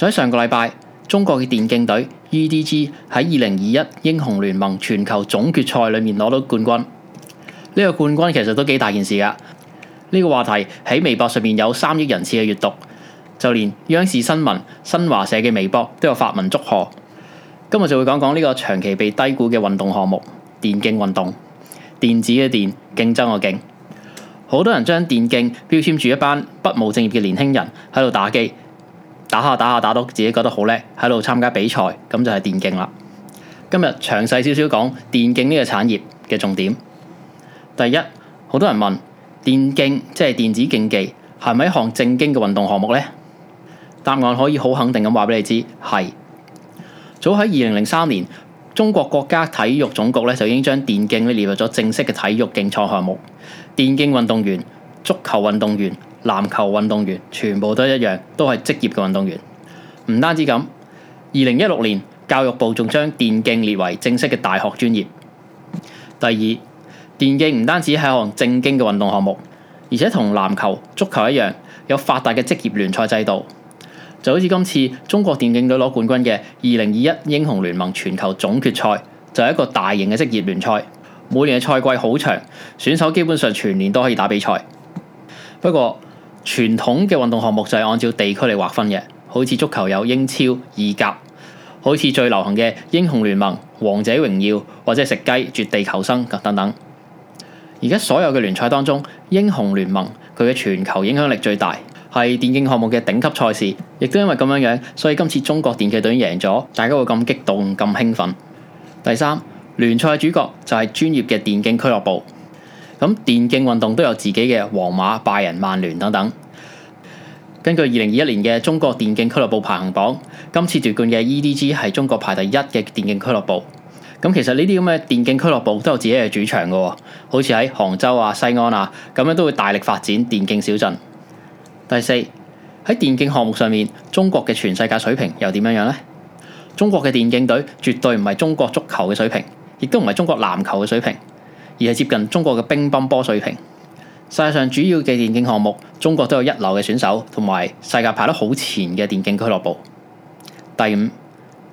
就喺上個禮拜，中國嘅電競隊 EDG 喺二零二一英雄聯盟全球總決賽裏面攞到冠軍。呢個冠軍其實都幾大件事噶。呢個話題喺微博上面有三億人次嘅閱讀，就連央視新聞、新華社嘅微博都有發文祝賀。今日就會講講呢個長期被低估嘅運動項目——電競運動。電子嘅電，競爭嘅競。好多人將電競標籤住一班不務正業嘅年輕人喺度打機。打下打下打到自己覺得好叻，喺度參加比賽，咁就係電競啦。今日詳細少少講電競呢個產業嘅重點。第一，好多人問電競即係電子競技係咪一項正經嘅運動項目呢？答案可以好肯定咁話俾你知，係。早喺二零零三年，中國國家體育總局咧就已經將電競咧列入咗正式嘅體育競賽項目。電競運動員、足球運動員、籃球運動員全部都一樣，都係職業嘅運動員。唔單止咁，二零一六年教育部仲將電競列為正式嘅大學專業。第二，電競唔單止係一項正經嘅運動項目，而且同籃球、足球一樣，有發達嘅職業聯賽制度。就好似今次中國電競隊攞冠軍嘅二零二一英雄聯盟全球總決賽，就係一個大型嘅職業聯賽。每年嘅賽季好長，選手基本上全年都可以打比賽。不過，傳統嘅運動項目就係按照地區嚟劃分嘅，好似足球有英超、意甲，好似最流行嘅英雄聯盟、王者榮耀或者食雞、絕地求生等等。而家所有嘅聯賽當中，英雄聯盟佢嘅全球影響力最大，係電競項目嘅頂級賽事，亦都因為咁樣樣，所以今次中國電競隊贏咗，大家會咁激動、咁興奮。第三，聯賽主角就係專業嘅電競俱樂部。咁電競運動都有自己嘅皇馬、拜仁、曼聯等等。根據二零二一年嘅中國電競俱樂部排行榜，今次奪冠嘅 EDG 係中國排第一嘅電競俱樂部。咁其實呢啲咁嘅電競俱樂部都有自己嘅主場嘅，好似喺杭州啊、西安啊，咁樣都會大力發展電競小鎮。第四，喺電競項目上面，中國嘅全世界水平又點樣樣呢？中國嘅電競隊絕對唔係中國足球嘅水平，亦都唔係中國籃球嘅水平。而係接近中國嘅乒乓波水平。世界上主要嘅電競項目，中國都有一流嘅選手同埋世界排得好前嘅電競俱樂部。第五，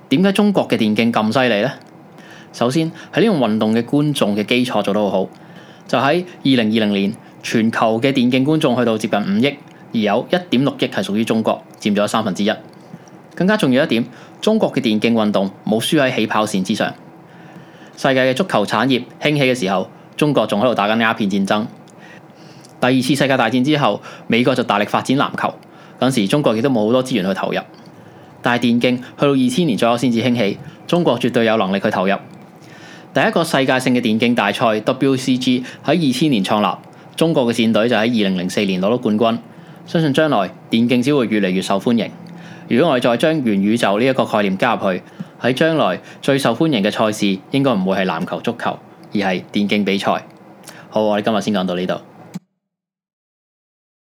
點解中國嘅電競咁犀利呢？首先，喺呢種運動嘅觀眾嘅基礎做得好好。就喺二零二零年，全球嘅電競觀眾去到接近五億，而有一點六億係屬於中國，佔咗三分之一。更加重要一點，中國嘅電競運動冇輸喺起跑線之上。世界嘅足球產業興起嘅時候，中國仲喺度打緊鴉片戰爭。第二次世界大戰之後，美國就大力發展籃球。嗰陣時，中國亦都冇好多資源去投入。但係電競去到二千年左右先至興起，中國絕對有能力去投入。第一個世界性嘅電競大賽 WCG 喺二千年創立，中國嘅戰隊就喺二零零四年攞到冠軍。相信將來電競只會越嚟越受歡迎。如果我哋再將元宇宙呢一個概念加入去，喺將來最受歡迎嘅賽事應該唔會係籃球、足球。而係電競比賽，好，我哋今日先講到呢度。